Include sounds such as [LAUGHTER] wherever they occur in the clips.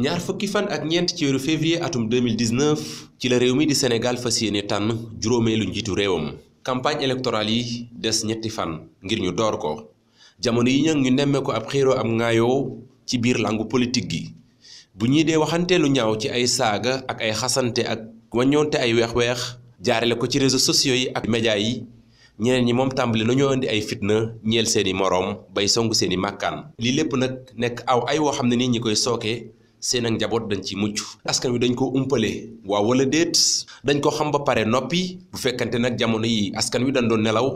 ñaar fukki fan ak ñeent ci weeru février atum 2019 ci la réew mi di Sénégal fas yéene tànn juróomeelu njiitu réewam campagne électorale yi des ñetti fan ngir ñu door ko jamono yi ñag ñu nemmee ko ab xiiroo am ngaayoo ci biir langu politique gi bu ñuy dee waxante lu ñaaw ci ay saaga ak ay xasante ak waññoonte ay weex-weex jaarale ko ci réseau sociaux yi ak média yi ñeneen ñi moom tàmbali nañoo indi ay fitna ñeel seeni moroom bay songu seeni màkkaan. lii lépp nag nekk aw ay woo xam ne ni ñi koy sooke seen ak njaboot dañ ci mucc askan wi dañ ko umpale waaw wala déet dañ ko xam ba pare noppi bu fekkante nag jamono yi askan wi dañ doon nelaw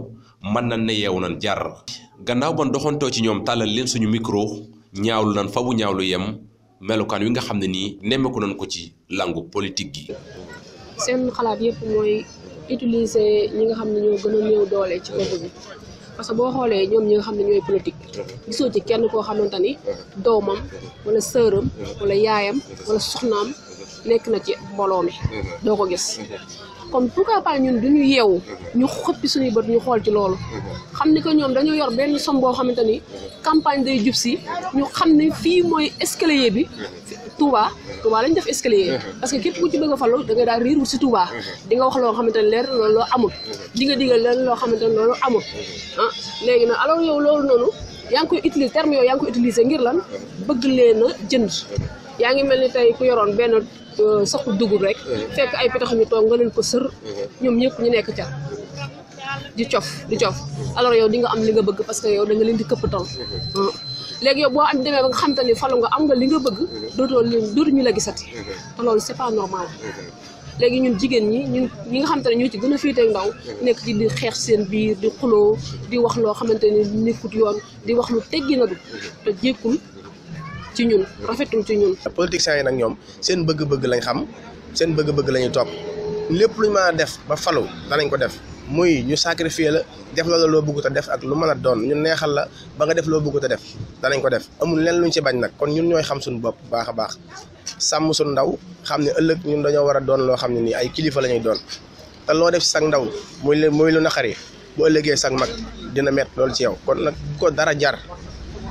mën nañ ne yeewu nañ jar gannaaw ban doxantoo ci ñoom tàllal leen suñu mikro ñaawlu nañ fa bu ñaawlu yem melokaan wi nga xam ne nii nemmeeku nañ ko ci langu politique gi seen xalaat yëpp mooy utiliser ñi nga xam ne ñoo gën a néew doole ci bopp bi parce que boo xoolee ñoom ñi nga xam ne ñooy politique mhm. gisoo ci kenn koo xamante ni mhm. doomam walla sëram mhm. walla yaayam wala soxnaam nekk na ci mbooloo mi doo ko gis kon pourquoi pas ñun du ñu yeewu ñu xëppi suñuy bët ñu xool ci loolu xam ni ko ñoom dañoo yor benn som boo xamante ni campagne day jub si ñu xam ne fii mooy escalier bi Touba Touba lañ def escalier parce que kep ku ci bëgg a falu da nga daal rir ci Touba di nga wax lo xamante leer lo amul di nga digal leen loo xamante ne amul ah léegi na alors yow loolu nonu yang ngi koy utiliser terme yow yang ngi koy utiliser ngir lan bëgg leena jënd yaa ngi mel ku yoron ben euh, saxu dugul rek fekk ay pitax ñu toog nga leen ko sër ñom ñepp ñu nekk ca di cof di cof alors yow di nga am li nga bëgg parce que yow da nga leen di këppatal léegi yow boo am demee ba nga xam te ni falu nga am nga li nga bëgg dootoo leen dootuñu la gisati mhm. te loolu c'est pas normal mhm. léegi ñun jigéen ñi ñun ñi nga xamante ne ñoo ci gën a féetee ndaw mhm. nekk ci di xeex biir di di wax loo xamante ni nekkut yoon di wax lu teggi nag du te jékkul ci ñun rafetul ci ñun. politiciens yi nag ñoom seen bëgg-bëgg lañ xam seen bëgg-bëgg lañu topp lépp luñ mën a def ba falu danañ ko def. muy ñu sacrifier la def la loo bëggut a def ak lu mën doon ñu neexal la ba nga def loo bëggut a def danañ ko def amul lenn luñ ci bañ nag kon ñun ñooy xam suñu bopp baax a baax sàmm suñu ndaw xam ne ëllëg ñun dañoo war a doon loo xam ne nii ay kilifa la ñuy doon te loo def sag ndaw muy lu muy lu naqari bu ëllëgee sag mag dina mett loolu ci yow kon nag ko dara jar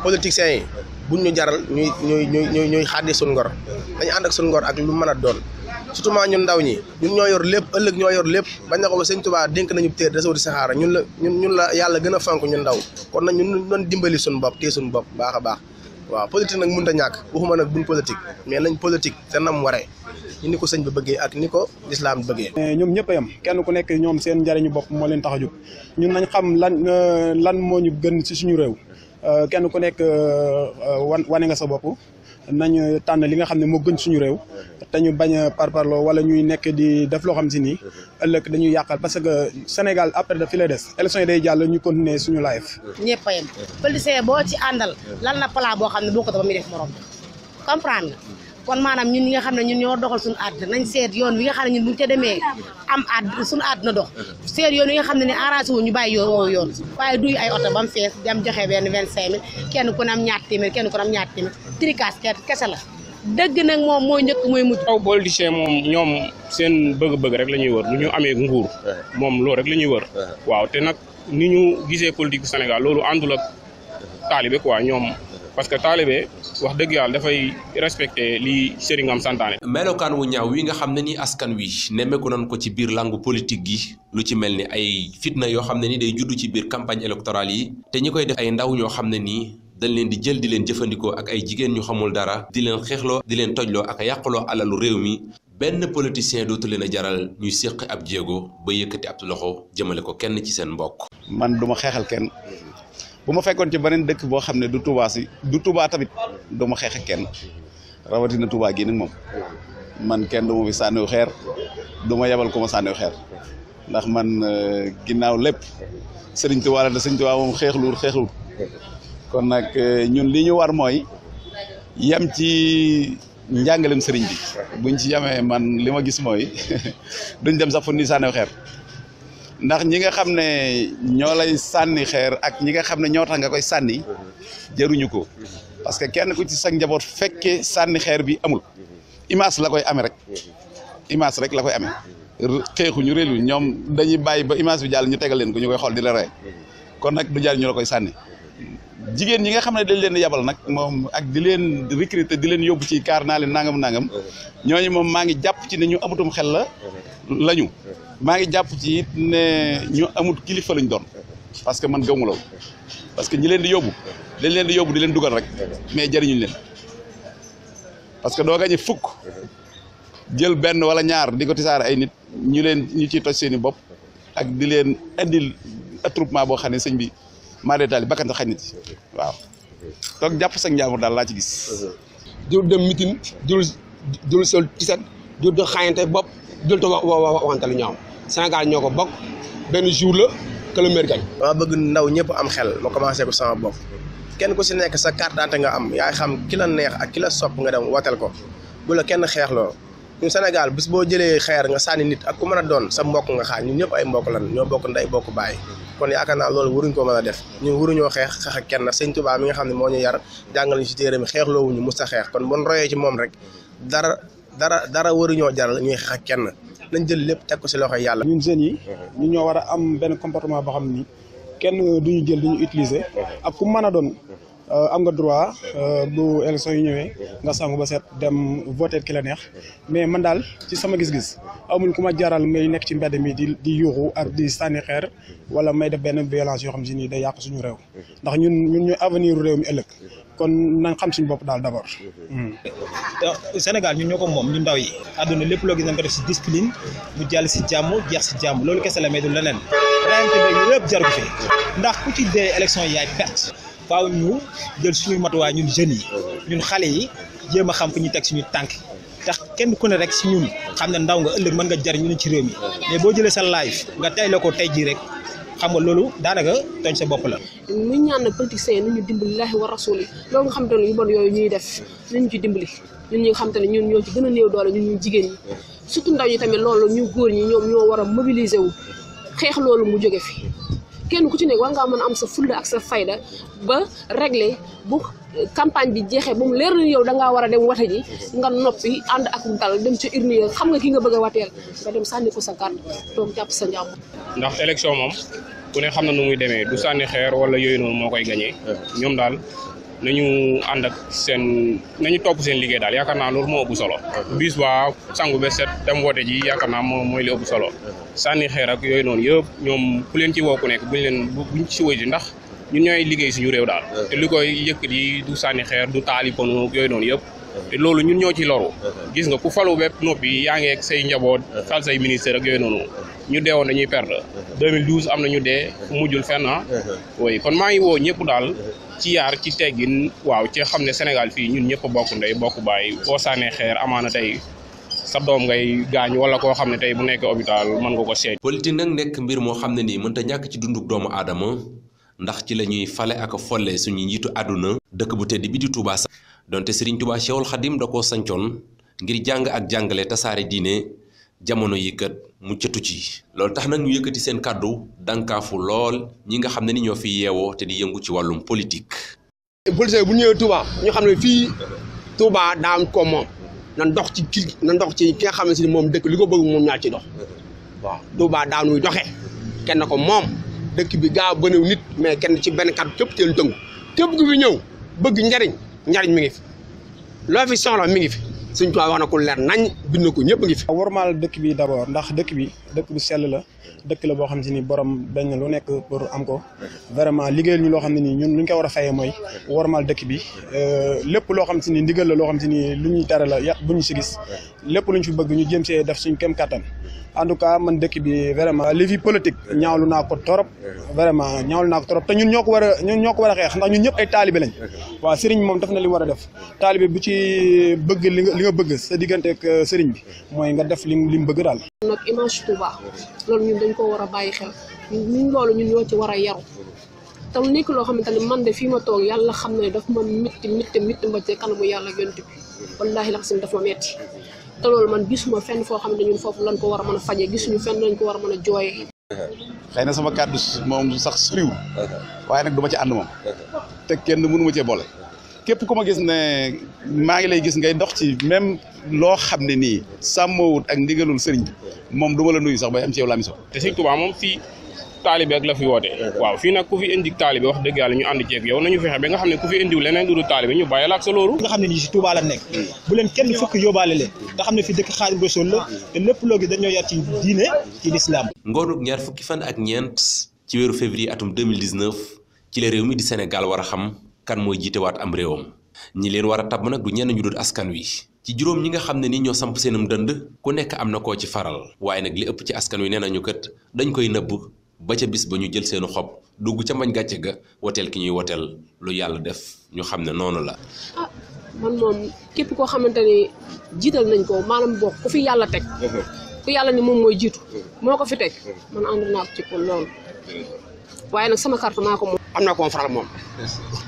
politiciens yi buñ ñu jaral ñuy ñuy ñuy ñuy xàddi suñ ngor dañu ànd ak suñ ngor ak lu mën a doon surtout ment ñun ndaw ñi ñun ñoo yor lépp ëllëg ñoo yor lépp bañ na ko ba sëñ Tuubaa dénk nañu téer desawu di saxaara ñun la ñun yàlla gën a fonk ñun ndaw kon nag ñun doon dimbali suñ bopp téye suñ bopp baax a baax waaw politique nag mënut a ñàkk waxuma nag buñ politique mais nañ politique te nam waree ñu ni ko sëñ bi bëggee ak ni ko lislaam bëggee eh, ñoom ñëpp yam kenn ku nekk ñoom seen njariñu bopp moo leen tax a jóg ñun nañ xam lan euh, lan moo ñu gën si suñu réew Euh, kenn ku nekk euh, euh, wan wane nga sa bopp nañu tànn li nga xam ne moo gën suñu réew te ñu bañ a parparloo wala ñuy nekk di def loo xam si nii ëllëg dañuy yàqal parce que Sénégal après daf fi lay des élection yi day jàll ñu continuer suñu live. ñëpp a yem politicien boo ci àndal lan la plan boo xam ne boo ko dafa muy def morom comprendre kon maanaam ñun ñi nga xam ne ñun ñoo doxal suñu àddina nañ seet yoon wi nga xam ne ñun demee am àdd suñu àddina dox seet yoon wi nga xam ne ne arrangé wu ñu bàyyi yoo yoon waaye duy ay oto ba mu fees jam joxe benn kenn ku ne am ñaar téeméer kenn ku ne am ñaar kese la dëgg nag moom mooy njëkk mooy mujj aw politicien moom ñoom seen bëgg-bëgg rek la ñuy wër lu ñu amee nguur moom loolu rek la ñuy wër waaw te nag nu ñu gisee politique Sénégal loolu àndul ak taalibe quoi ñoom parce que taalibe wax dëgg yàlla dafay respecté li sëriñam santaane. melokaan wu ñaaw wi nga xam ne ni askan wi nemmeeku nañ ko ci biir langue politique gi lu ci mel ni ay fitna yoo xam ne ni day juddu ci biir campagne électorale yi te ñi koy def ay ndaw ñoo xam ne nii. dañ leen di jël di leen jëfandikoo ak ay jigéen ñu xamul dara di leen xeexloo di leen tojloo ak yàquloo alalu réew mi benn politicien dootu leen a jaral ñuy séq ab jéego ba yëkkati ab loxo jëmale ko kenn ci seen mbokk. man duma xeexal kenn bu ma fekkoon ci beneen dëkk boo xam ne du Touba si du Touba tamit du ma xeex ak kenn rawatina Touba gii nag moom man kenn du ma fi sànniw xeer du ma yebal ku ma sànniw xeer ndax man euh, ginnaaw lépp sëriñ Touba la te sëriñ Touba moom xeexluwul xeexluwul kon nag euh, ñun li ñu war mooy yem ci njàngalem sëriñ bi buñ ci yamee man li ma gis mooy [LAUGHS] duñ dem sax fu ni sànniw xeer ndax ñi nga xam ne ñoo lay sànni xeer ak ñi nga xam ne ñoo tax nga koy sànni jaruñu ko parce que kenn ku ci sa njaboot fekkee sànni xeer bi amul image la koy amee rek image rek la koy amee xeexuñu réelu ñoom dañuy bàyyi ba image bi jàll ñu tegal leen ko ñu koy xool di la rey kon nag du jaal ñu la koy sànni jigéen ñi nga xam ne dañ leen yabal nag moom ak di leen recruter di leen yóbbu ci kaar naa leen nangam nangam ñooñu moom maa ngi jàpp ci ne ñu amatum xel la lañu maa ngi jàpp ci it ne ñu amut kilifa lañ doon parce que man gëmu loolu parce que ñi leen di yóbbu leen di yóbbu di leen dugal rek mais jëriñuñ leen parce que doo gañe fukk jël benn wala ñaar di ko tisaare ay nit ñu leen ñu ci toj seen i bopp ak di leen indil attroupement boo xam ne sëñ bi maa dee taal bakkan sa xañ na ci waaw toog jàpp sa njaamur daal laa ci gis. jur dem mitin jur jur sol tisat jur de xaayante bopp. jël to wa wa wa wa Sénégal ñoko bok ben jour la que le wa gagne wa bëgg ndaw ñëpp am xel ma commencé ko sama bok kenn ku ci nekk sa carte d'identité nga am yaay xam ki la neex ak ki la wa nga dem wa ko bu la kenn xeexloo ñu Sénégal bës bo jëlé xéer nga sani nit ak ku mëna doon sa mbokk nga xaar ñun ñëpp ay mbokk lan ñoo bokk nday bokk baay kon yaaka na loolu wuruñ ko mëna a def ñun waruñoo xeex xeex ak kenn sëñ Tuubaa mi nga xamni ne ñu yar jangal ñu ci téré mi xeexloo wuñu musta ta kon bon royé ci mom rek dara dara dara waruñoo jaral ñuy xax kenn nañ jël lépp teg si loxo yàlla. ñun jeunes yi. ñun ñoo war a am benn comportement boo xam ni kenn du ñu jël duñu utiliser. ak ku mën a doon. Euh, am nga droit euh, bu élection yu ñëwee nga sangu ba set dem voter ki la neex mais man daal ci sama gis-gis amuñ ku ma jaral may nekk ci mbedd mi di di yuuxu ak di sànni xeer wala may def benn violence yoo xam si nii day yàq suñu réew ndax ñun ñun ñooy avenir réew mi ëllëg kon nañ xam suñu bopp daal d'abord. Hmm. Euh, Sénégal ñun ñoo ko moom ñu ndaw yi. àdduna lépp loo gis nañ ko def si discipline mu jàll si jàmm jeex si jàmm loolu kese la mais du leneen. rayante bi lépp jaru fi ndax ku ci dee élection yaay perte. faaw ñu jël suñuy matuwaay ñun jeunes yi ñun xale yi jéem a xam fi ñu teg suñu tànk tax kenn ku ne rek si ñun xam ne ndaw nga ëllëg mën nga jariñ ñu ci réew mi mais boo jëlee sa live nga tey la ko tey jii rek xam nga loolu daanaka tooñ sa bopp la. ñu ñaan nag politiciens yi nañu dimbali laahi wa rasuli loolu nga xam te ne yu bon yooyu ñuy def nañu ci dimbali ñun ñu nga xam te ne ñun ñoo ci gën a néew doole ñun ñu jigéen ñi surtout ndaw ñi tamit loolu ñu góor ñi ñoom ñoo war a mobiliser wu xeex loolu mu jóge fi. kenn ku ci nekk war ngaa mën a am sa fulla ak sa fayda ba régler bu campagne bi jeexee ba mu leer na yow da ngaa war a dem wate ji nga noppi ànd ak dal dem ca urne ya xam nga ki nga bëgg a wateel nga dem sànni ko sa carte toog jàpp sa njàpp. ndax election moom ku ne xam na nu muy demee du sànni xeer wala yooyu noonu moo koy gañee ñoom daal nañu ànd ak seen nañu topp seen liggéey daal yaakaar naa loolu moo ëpp solo bis ba sangu ba set dem woote ji yaakaar naa moo mooy li ëpp solo sànni xeer ak yooyu noonu yëpp ñoom ku leen ci woo ku nekk buñ leen buñ ci woy ji ndax ñun ñooy liggéey suñu réew daal te li koy yëkkat yi du sànni xeer du taali pono yooyu noonu yëpp te loolu ñun ñoo ci loru gis nga ku falu bépp noppi yaa ngi ak say njaboot fal say ministère ak yooyu noonu ñu dee deewoon dañuy perdre 2012 am na ñu dee mujjul fenn ah oui kon maa ngi woo ñëpp daal ci yaar ci teggin waaw ci xam ne Sénégal fii ñun ñëpp bokk ndey bokk bàyyi boo sànnee xeer amaana tey sa doom ngay gaañ wala koo xam ne tey bu nekk hôpital mën nga ko seet politique nag nekk mbir moo xam ne nii mënta ñàkk ci dunduk doomu aadama ndax ci la ñuy fale ak fole suñu njiitu àdduna dëkk bu tedd bi di Touba sax donte Serigne Touba Cheikhul Khadim da koo sancoon ngir jàng ak jàngale tasaare diine jamono yi kat muccatu ci. loolu tax nag mu yëkkati seen kàddu dànkaafu lool ñi nga xam ne ni ñoo fi yeewoo te di yëngu ci wàllum politique. politique bu ñëwee Touba ñu xam ne fii Touba daa am na ndox ci ki na ndox ci ki nga xam ne moom dëkk li ko bëgg moom ñaar ci dox waaw Touba daanuy doxe kenn ko moom. dëkk bi gaaw ba néew nit mais kenn ci benn kàddu képp teel tënku képp ku fi ñëw bëgg njariñ njariñ mi ngi fi loo fi soxla mi ngi fi suñ tubaab wax na ko leer nañ bind a ngi fi. warmaal dëkk bi d'abord ndax dëkk bi dëkk bu sell la dëkk la boo xam si ñu loo ko war a euh, la loo xam si ni la yàq bu ñu si gis lépp lu ñu fi bëgg ñu jéem see def suñ kem kattan en tout cas man dëkk bi vraiment li fi politique ñaawlu naa ko torop vraiment ñaawlu naa ko torop te ñun ñoo ko war a ñun ñoo a xeex ndax ñun ñëpp ay taalibe lañ waaw sëriñ moom def na li war a def taalibe bu ci bëgg li nga bëgg sa diggante euh, sëriñ sëriñ bi moy nga def lim lim bëgg dal nak image Touba loolu ñun dañ ko wara bayyi xel ñun loolu ñun ñoo ci wara yar yaru te nekk lo xamanteni man de fi ma tok yalla xam daf ma metti metti metti ma ci kanamu yalla yonent bi wallahi la xam daf ma metti te loolu man gisuma fenn fo xamne ñun fofu lañ ko wara mëna faje a fajee fenn lañ ko wara mëna mën xeyna sama kaddu mom sax soriwul waye nak duma ci and mom te kenn mënu ma ci bolé كيف كما جسنا ما يلي جسنا جاي دكتي مم لو خبنني سامو عندي قالوا سرني مم دولا نوي سبب أمشي ولا مسوا تسيك تبع مم في طالب يقلا في وادي واو فينا كوفي عندك طالب واحد دقي على نيو عندك يبي أو نيو فيها بينا خمن كوفي عندي ولنا عندو طالب نيو بايا لك سلورو نيو خمن يجي تبع بولن كم فك يو بالله تخمن في دك خالد بسولو اللي بلوج دنيو ياتي دينه في الإسلام غورو نيار فك أغنيت تيرو فبراير أتوم 2019 كيلي ريومي دي سنغال وارخام kan jité wat am réewam ñi leen wara tab nak du ñen ñu dut askan wi ci juroom ñi nga xamne ni ñoo samp seenum dënd ku nekk am na ci faral waye nak li ëpp ci askan wi nee kët dañ koy nëbb ba ca bis ba ñu jël seenu xob dugg ca mbañ gàcce ga woteel ki ñuy woteel lu yalla def ñu xamne nonu la ah man mom képp ko xamanteni jital nañ ko manam bok ku fi yalla tek ku yalla ni mom moy jitu moko fi tek man andu naa ci ko lool mm-hmm. waye nak sama carte mako am na ko faral moom.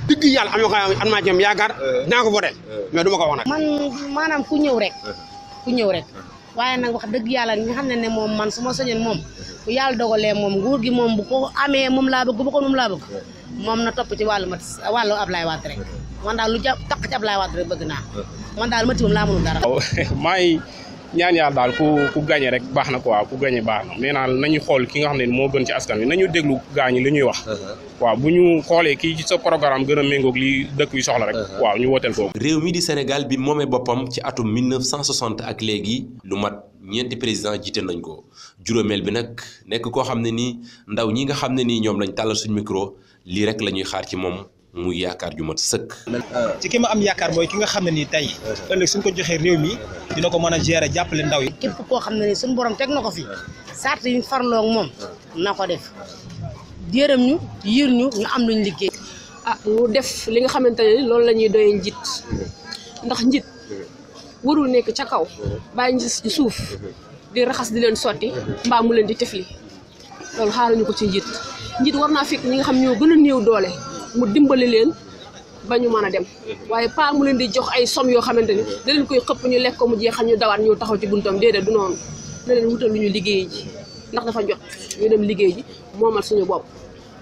dëgg yàlla am na ko am naa ci moom yaakaar. dinaa ko voté mais du ma ko wax nag. man maanaam ku ñëw rek. ku ñëw rek. waaye nag wax dëgg yàlla ñi nga xam ne ne moom man su ma soñoon moom bu yàlla dogalee moom nguur gi moom bu ko amee moom laa bëgg bu ko moom laa bëgg moom na topp ci wàllu mat wàllu Ablaye Wade rek man daal lu ja taq ci Ablaye Wade bëgg naa man daal moom laa mënul dara. waaw [LAUGHS] ñaan yàlla daal ku ku gañe rek baax na ko quoi ku gañe baax na nee naa nañu xool ki nga xam ne moo gën ci askan wi nañu déglu gaañi li ñuy wax. waaw uh-huh. bu ñu xoolee kii ci sa programme gën a méngoog li dëkk wi soxla rek. waaw uh-huh. ñu wooteel kooku. réew mi di Sénégal bi moomee boppam ci atum 1960 ak léegi lu mat ñeenti président jiite nañ ko juróomeel bi nag nekk koo xam ne nii ndaw ñi nga xam ne nii ñoom lañ tàllal suñu micro lii rek la ñuy xaar ci moom. mu yaakaar ju mat sëkk. ci ki ma am yaakaar booy ki nga xam ne nii tey ëllëg suñ ko joxee réew mi dina ko mën a gérer jàppale ndaw yi. képp koo xam ne nii suñu borom teg na ko fi sart yuñ farloo ak moom na ko def yërëm ñu yiir ñu ñu am luñ liggéey. ah mu def li nga xamante ne loolu la ñuy doyee ndax njit warul nekk ca kaw bàyyi njit ci suuf di raxas di leen sotti mbaa mu leen di tefli loolu xaaruñu ko ci njiit njit war naa fekk ñi nga xam ñoo gën a néew doole. mu dimbali leen ba ñu mën a dem waaye paar mu leen di jox ay somme yoo xamante ni da koy xëpp ñu lekk ko mu jeexal ñu dawaat ñu taxaw ci buntam déedéet du noonu na leen wutal lu ñu liggéey ji ndax dafa jot ñu dem liggéey ji moomal suñu bopp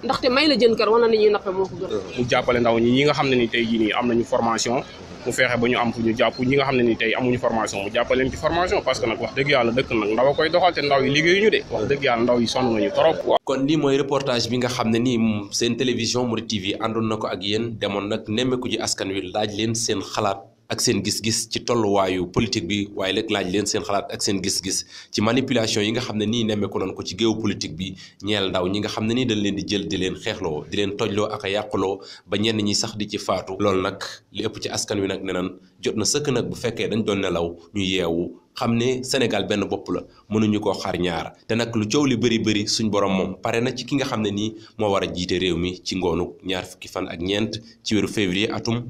ndaxte may la jën kër war na euh, mu jàppale ndaw ñi ñi nga xam ne ni tey jii nii am nañu formation mu feexe ñu am jàpp ñi nga xam ne ni tey amuñu formation mu jàppaleen ci formation parce que nag wax dëgg yàlla dëkk nag ndaw a koy doxal te ndaw yi liggéeyuñu de wax dëgg yàlla ndaw yi sonn nañu trop kon lii mooy reportage bi nga xam ne nii seen télévision Mouride TV àndoon na ko ak yéen demoon nag nemmeeku ji askan wi laaj leen seen xalaat ak seen gis-gis ci tolluwaayu politique bi waaye léeg laaj leen seen xalaat ak seen gis-gis ci manipulation yi nga xam ne nii nemmeeku nañ ko ci géopolitique bi ñeel ndaw ñi nga xam ne nii dañ leen di jël di leen xeexloo di leen tojloo ak a yàquloo ba ñenn ñi sax di ci faatu. loolu nag li ëpp ci askan wi nag ne nan jot na sëkk nag bu fekkee dañ doon nelaw ñu yeewu. xam ne Sénégal benn bopp la mënuñu koo xar ñaar te nag lu coow li bëri bëri suñ borom moom pare na ci ki nga xam ne nii moo war a réew mi ci ngoonu ñaar fukki fan ak ñeent ci weeru février atum